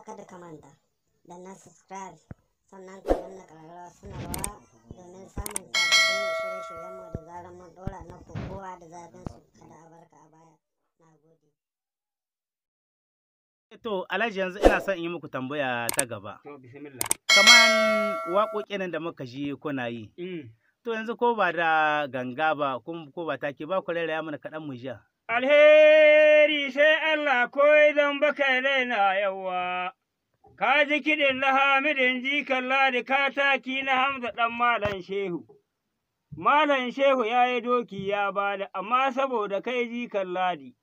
kada ka manta da na subscribe sannan ka danna suna sanarwa domin samun sababbin shirye-shiryenmu da zarar mun ɗora na kowa da zafin su kada a barka a baya na gode eh, to alhaji yanzu ina son in yi muku tambaya ta gaba to bismillah kaman da muka ji kuna yi mm. to yanzu ko ba da ganga ba ko ba take ba ku rairaya mana kaɗan mu jiya akwai don baka raina yawa. Ka ji kiɗin na Hamidin jikan ladi kataki na Hamza ɗan Malam Shehu. Malam Shehu ya yi doki ya bada, amma saboda kai jikan ladi.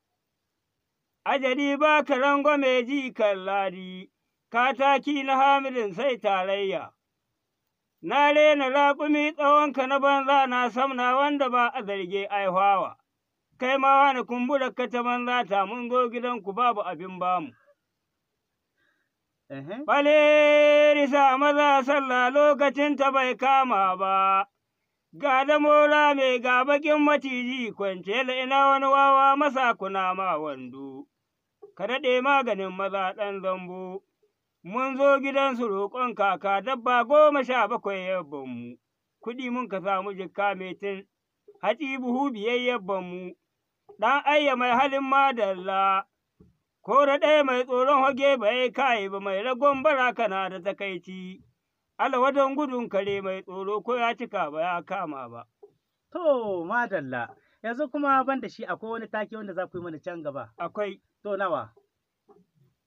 Ajali ba ka rangwame jikan ladi, kataki na Hamidin sai tarayya. Na rena raƙumi tsawonka na banza na samna wanda ba a zarge aihawa. kai ma wani kumburar ka ta mun ta mun go gidanku babu abin bamu. Faleri sa maza sallah lokacin ta bai kama ba, ga da mora mai ga bakin maciji kwance da ina wani wawa masa kuna ma wando, ka daɗe maganin maza ɗan zambo, mun zo gidan su roƙon kaka dabba goma sha bakwai yabbanmu, kuɗi mun ka samu jikka mai tin, buhu biyayyen mu. ɗan ayya mai halin madalla. da ɗaya mai tsoron hage bai kai ba mai ragon baraka na da takaici, alwadan gudun kare mai tsoro ko ya cika ba ya kama ba. To, madalla, yanzu kuma ban da shi akwai wani take wanda za ku yi mana can gaba. Akwai. To, nawa.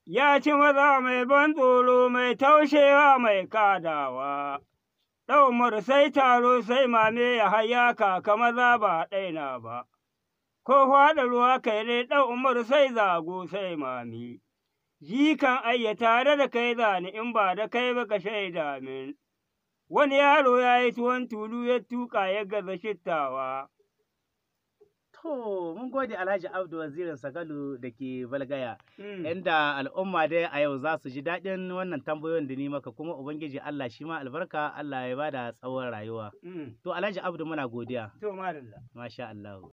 Ya ci maza mai ban tsoro mai taushewa mai kadawa. Ɗau sai taro sai mame ya haya kaka maza ba ɗaina ba. ko faɗa ruwa kai dai ɗan umar sai zago sai mami. Jikan ayya tare da kai zane in ba da kai ba ka shaida min. Wani yaro ya yi tuwon tulu ya tuƙa ya gaza shittawa. To, mun gode Alhaji Abdu Wazirin Sagalu da ke Balgaya, hmm. inda al'umma dai a yau za su ji daɗin wannan tambayoyin da ni maka kuma Ubangiji Allah shi ma albarka Allah ya bada tsawon rayuwa. Hmm. To, Alhaji Abdu muna godiya. To, Masha Allah.